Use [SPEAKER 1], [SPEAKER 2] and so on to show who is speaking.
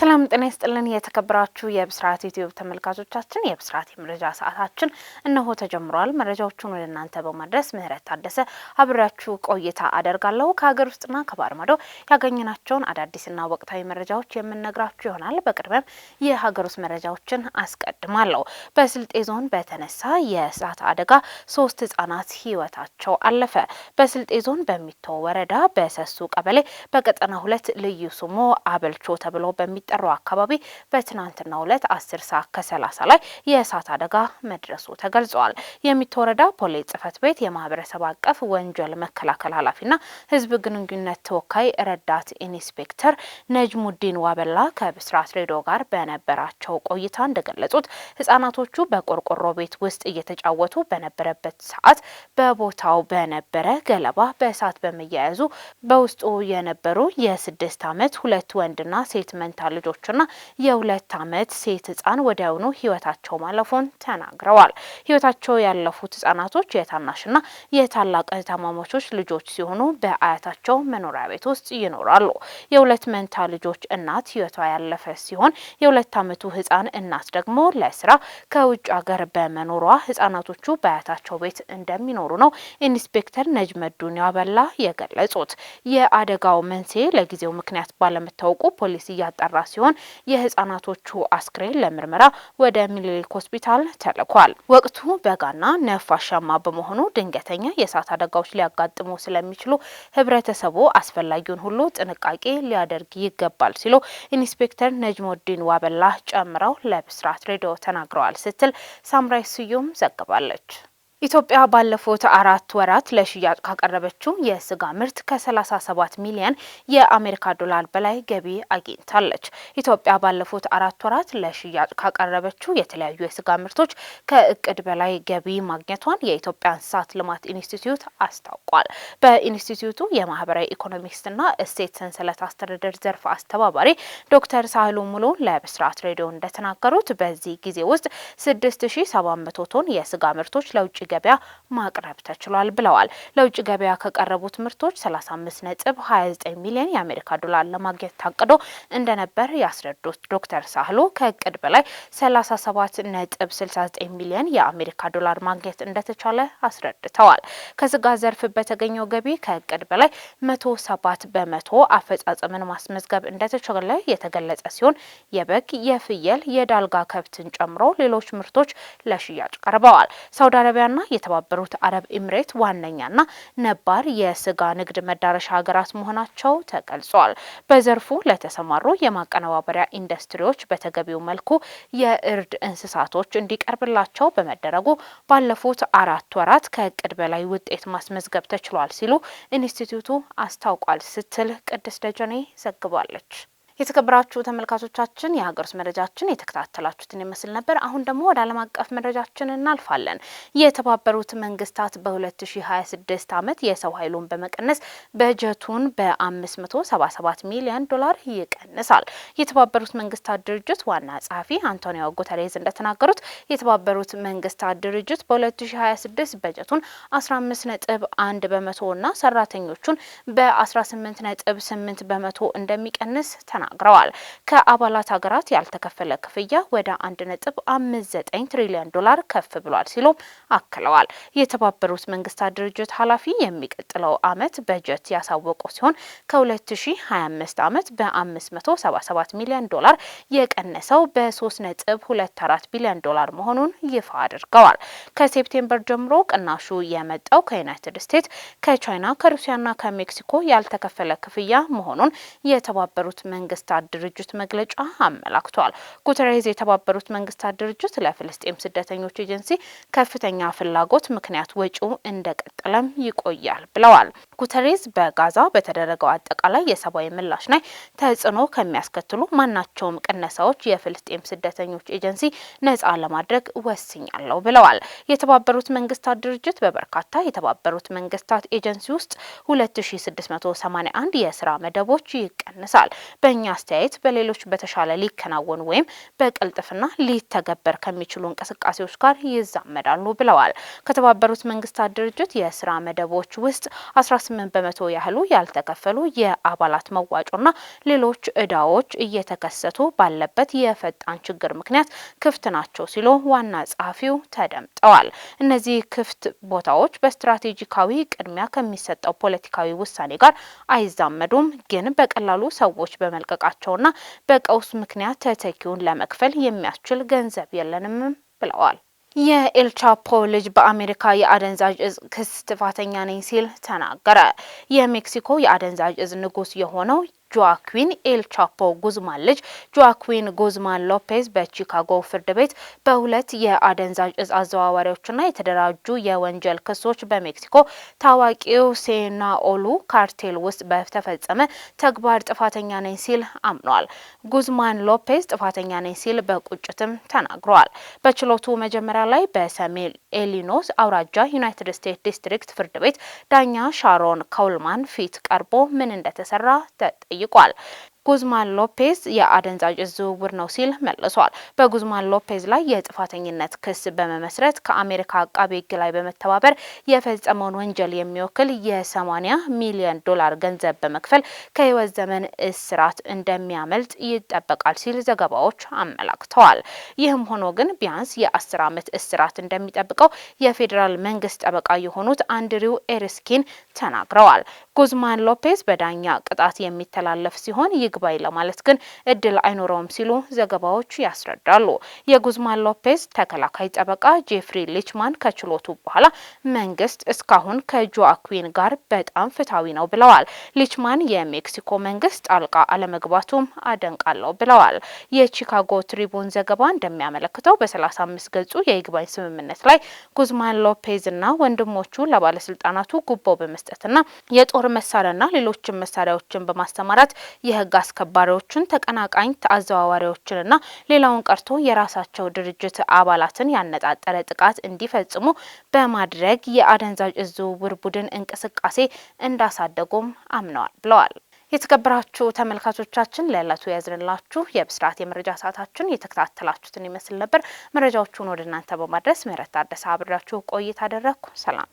[SPEAKER 1] ሰላም ጤና ይስጥልን። የተከበራችሁ የብስራት ዩቲዩብ ተመልካቾቻችን የብስራት የመረጃ ሰዓታችን እነሆ ተጀምሯል። መረጃዎቹን ወደ እናንተ በማድረስ ምህረት ታደሰ አብሬያችሁ ቆይታ አደርጋለሁ። ከሀገር ውስጥና ከባህር ማዶ ያገኘናቸውን አዳዲስና ወቅታዊ መረጃዎች የምነግራችሁ ይሆናል። በቅድሚያም የሀገር ውስጥ መረጃዎችን አስቀድማለሁ። በስልጤ ዞን በተነሳ የእሳት አደጋ ሶስት ህጻናት ህይወታቸው አለፈ። በስልጤ ዞን በሚቶ ወረዳ በሰሱ ቀበሌ በቀጠና ሁለት ልዩ ስሙ አበልቾ ተብሎ በሚ የሚጠሩ አካባቢ በትናንትናው ዕለት አስር ሰዓት ከሰላሳ ላይ የእሳት አደጋ መድረሱ ተገልጿል። የሚት ወረዳ ፖሊስ ጽፈት ቤት የማህበረሰብ አቀፍ ወንጀል መከላከል ኃላፊና ህዝብ ግንኙነት ተወካይ ረዳት ኢንስፔክተር ነጅሙዲን ዋበላ ከብስራት ሬዲዮ ጋር በነበራቸው ቆይታ እንደገለጹት ህጻናቶቹ በቆርቆሮ ቤት ውስጥ እየተጫወቱ በነበረበት ሰዓት በቦታው በነበረ ገለባ በእሳት በመያያዙ በውስጡ የነበሩ የስድስት ዓመት ሁለት ወንድና ሴት መንታ ልጆችና የሁለት ዓመት ሴት ህጻን ወዲያውኑ ህይወታቸው ማለፉን ተናግረዋል። ህይወታቸው ያለፉት ህጻናቶች የታናሽና የታላቅ እህትማማቾች ልጆች ሲሆኑ በአያታቸው መኖሪያ ቤት ውስጥ ይኖራሉ። የሁለት መንታ ልጆች እናት ህይወቷ ያለፈ ሲሆን የሁለት ዓመቱ ህጻን እናት ደግሞ ለስራ ከውጭ ሀገር በመኖሯ ህጻናቶቹ በአያታቸው ቤት እንደሚኖሩ ነው ኢንስፔክተር ነጅመዱን ያበላ የገለጹት። የአደጋው መንስኤ ለጊዜው ምክንያት ባለመታወቁ ፖሊስ እያጠራ የተሰራ ሲሆን የህጻናቶቹ አስክሬን ለምርመራ ወደ ሚኒሊክ ሆስፒታል ተልኳል። ወቅቱ በጋና ነፋሻማ በመሆኑ ድንገተኛ የእሳት አደጋዎች ሊያጋጥሙ ስለሚችሉ ህብረተሰቡ አስፈላጊውን ሁሉ ጥንቃቄ ሊያደርግ ይገባል ሲሉ ኢንስፔክተር ነጅሞዲን ዋበላ ጨምረው ለብስራት ሬዲዮ ተናግረዋል ስትል ሳምራይ ስዩም ዘግባለች። ኢትዮጵያ ባለፉት አራት ወራት ለሽያጭ ካቀረበችው የስጋ ምርት ከ37 ሚሊዮን የአሜሪካ ዶላር በላይ ገቢ አግኝታለች። ኢትዮጵያ ባለፉት አራት ወራት ለሽያጭ ካቀረበችው የተለያዩ የስጋ ምርቶች ከእቅድ በላይ ገቢ ማግኘቷን የኢትዮጵያ እንስሳት ልማት ኢንስቲትዩት አስታውቋል። በኢንስቲትዩቱ የማህበራዊ ኢኮኖሚክስና እሴት ሰንሰለት አስተዳደር ዘርፍ አስተባባሪ ዶክተር ሳህሉ ሙሉ ለብስራት ሬዲዮ እንደተናገሩት በዚህ ጊዜ ውስጥ 6700 ቶን የስጋ ምርቶች ለውጭ ገበያ ማቅረብ ተችሏል ብለዋል። ለውጭ ገበያ ከቀረቡት ምርቶች 35 ነጥብ 29 ሚሊዮን የአሜሪካ ዶላር ለማግኘት ታቅዶ እንደነበር ያስረዱት ዶክተር ሳህሉ ከእቅድ በላይ 37 ነጥብ 69 ሚሊዮን የአሜሪካ ዶላር ማግኘት እንደተቻለ አስረድተዋል። ከስጋ ዘርፍ በተገኘው ገቢ ከእቅድ በላይ 107 በመቶ አፈጻጸምን ማስመዝገብ እንደተቻለ የተገለጸ ሲሆን የበግ የፍየል፣ የዳልጋ ከብትን ጨምሮ ሌሎች ምርቶች ለሽያጭ ቀርበዋል። ሳውዲ አረቢያና ቻይና የተባበሩት አረብ ኤምሬት ዋነኛና ነባር የስጋ ንግድ መዳረሻ ሀገራት መሆናቸው ተገልጿል። በዘርፉ ለተሰማሩ የማቀነባበሪያ ኢንዱስትሪዎች በተገቢው መልኩ የእርድ እንስሳቶች እንዲቀርብላቸው በመደረጉ ባለፉት አራት ወራት ከእቅድ በላይ ውጤት ማስመዝገብ ተችሏል ሲሉ ኢንስቲትዩቱ አስታውቋል ስትል ቅድስት ደጀኔ ዘግባለች። የተከበራችሁ ተመልካቾቻችን የሀገር ውስጥ መረጃችን የተከታተላችሁትን ይመስል ነበር። አሁን ደግሞ ወደ ዓለም አቀፍ መረጃችን እናልፋለን። የተባበሩት መንግስታት በ2026 ዓመት የሰው ኃይሉን በመቀነስ በጀቱን በ577 ሚሊዮን ዶላር ይቀንሳል። የተባበሩት መንግስታት ድርጅት ዋና ጸሐፊ አንቶኒዮ ጉተሬዝ እንደተናገሩት የተባበሩት መንግስታት ድርጅት በ2026 በጀቱን 15 1 በመቶ እና ሰራተኞቹን በ18 8 በመቶ እንደሚቀንስ ተናል። ተናግረዋል። ከአባላት ሀገራት ያልተከፈለ ክፍያ ወደ 1.59 ትሪሊዮን ዶላር ከፍ ብሏል ሲሉም አክለዋል። የተባበሩት መንግስታት ድርጅት ኃላፊ የሚቀጥለው አመት በጀት ያሳወቁ ሲሆን ከ2025 ዓመት በ577 ሚሊዮን ዶላር የቀነሰው በ3.24 ቢሊዮን ዶላር መሆኑን ይፋ አድርገዋል። ከሴፕቴምበር ጀምሮ ቅናሹ የመጣው ከዩናይትድ ስቴትስ፣ ከቻይና፣ ከሩሲያና ከሜክሲኮ ያልተከፈለ ክፍያ መሆኑን የተባበሩት መንግስት መንግስታት ድርጅት መግለጫ አመላክቷል። ጉተሬዝ የተባበሩት መንግስታት ድርጅት ለፍልስጤም ስደተኞች ኤጀንሲ ከፍተኛ ፍላጎት ምክንያት ወጪው እንደቀጠለም ይቆያል ብለዋል። ጉተሬዝ በጋዛ በተደረገው አጠቃላይ የሰብአዊ ምላሽ ላይ ተጽዕኖ ከሚያስከትሉ ማናቸውም ቅነሳዎች የፍልስጤም ስደተኞች ኤጀንሲ ነጻ ለማድረግ ወስኛለሁ ብለዋል። የተባበሩት መንግስታት ድርጅት በበርካታ የተባበሩት መንግስታት ኤጀንሲ ውስጥ 2681 የስራ መደቦች ይቀንሳል። በእኛ አስተያየት በሌሎች በተሻለ ሊከናወኑ ወይም በቅልጥፍና ሊተገበር ከሚችሉ እንቅስቃሴዎች ጋር ይዛመዳሉ ብለዋል። ከተባበሩት መንግስታት ድርጅት የስራ መደቦች ውስጥ 18 በመቶ ያህሉ ያልተከፈሉ የአባላት መዋጮና ሌሎች እዳዎች እየተከሰቱ ባለበት የፈጣን ችግር ምክንያት ክፍት ናቸው ሲሉ ዋና ጸሐፊው ተደምጠዋል። እነዚህ ክፍት ቦታዎች በስትራቴጂካዊ ቅድሚያ ከሚሰጠው ፖለቲካዊ ውሳኔ ጋር አይዛመዱም፣ ግን በቀላሉ ሰዎች በመልቀ መለቀቃቸውና በቀውስ ምክንያት ተተኪውን ለመክፈል የሚያስችል ገንዘብ የለንም ብለዋል። የኤልቻፖ ልጅ በአሜሪካ የአደንዛዥ እጽ ክስ ጥፋተኛ ነኝ ሲል ተናገረ። የሜክሲኮ የአደንዛዥ እጽ ንጉስ የሆነው ጆአኩዊን ኤል ቻፖ ጉዝማን ልጅ ጆአኩዊን ጉዝማን ሎፔዝ በቺካጎ ፍርድ ቤት በሁለት የአደንዛዥ እጽ አዘዋዋሪዎችና የተደራጁ የወንጀል ክሶች በሜክሲኮ ታዋቂው ሴናኦሉ ካርቴል ውስጥ በተፈጸመ ተግባር ጥፋተኛ ነኝ ሲል አምኗል። ጉዝማን ሎፔዝ ጥፋተኛ ነኝ ሲል በቁጭትም ተናግረዋል። በችሎቱ መጀመሪያ ላይ በሰሜን ኤሊኖስ አውራጃ ዩናይትድ ስቴትስ ዲስትሪክት ፍርድ ቤት ዳኛ ሻሮን ኮልማን ፊት ቀርቦ ምን እንደተሰራ ተጠ ጠይቋል። ጉዝማን ሎፔዝ የአደንዛዥ ዝውውር ነው ሲል መልሷል። በጉዝማን ሎፔዝ ላይ የጥፋተኝነት ክስ በመመስረት ከአሜሪካ አቃቢ ሕግ ላይ በመተባበር የፈጸመውን ወንጀል የሚወክል የ80 ሚሊዮን ዶላር ገንዘብ በመክፈል ከህይወት ዘመን እስራት እንደሚያመልጥ ይጠበቃል ሲል ዘገባዎች አመላክተዋል። ይህም ሆኖ ግን ቢያንስ የ10 ዓመት እስራት እንደሚጠብቀው የፌዴራል መንግስት ጠበቃ የሆኑት አንድሪው ኤርስኪን ተናግረዋል። ጉዝማን ሎፔዝ በዳኛ ቅጣት የሚተላለፍ ሲሆን ይግባኝ ለማለት ግን እድል አይኖረውም ሲሉ ዘገባዎች ያስረዳሉ። የጉዝማን ሎፔዝ ተከላካይ ጠበቃ ጄፍሪ ሊችማን ከችሎቱ በኋላ መንግስት እስካሁን ከጆአኩዊን ጋር በጣም ፍትሐዊ ነው ብለዋል። ሊችማን የሜክሲኮ መንግስት ጣልቃ አለመግባቱም አደንቃለሁ ብለዋል። የቺካጎ ትሪቡን ዘገባ እንደሚያመለክተው በ35 ገጹ የይግባኝ ስምምነት ላይ ጉዝማን ሎፔዝ እና ወንድሞቹ ለባለስልጣናቱ ጉቦ በመስጠትና የጦር መሳሪያና ሌሎችን መሳሪያዎችን በማሰማራት የህግ አስከባሪዎቹን ተቀናቃኝ አዘዋዋሪዎችንና ሌላውን ቀርቶ የራሳቸው ድርጅት አባላትን ያነጣጠረ ጥቃት እንዲፈጽሙ በማድረግ የአደንዛዥ እጽ ዝውውር ቡድን እንቅስቃሴ እንዳሳደጉም አምነዋል ብለዋል። የተከበራችሁ ተመልካቾቻችን ለዕለቱ ያዝንላችሁ የብስራት የመረጃ ሰዓታችን የተከታተላችሁትን ይመስል ነበር። መረጃዎቹን ወደ እናንተ በማድረስ ምህረት ታደሰ አብራችሁ ቆይታ አደረግኩ። ሰላም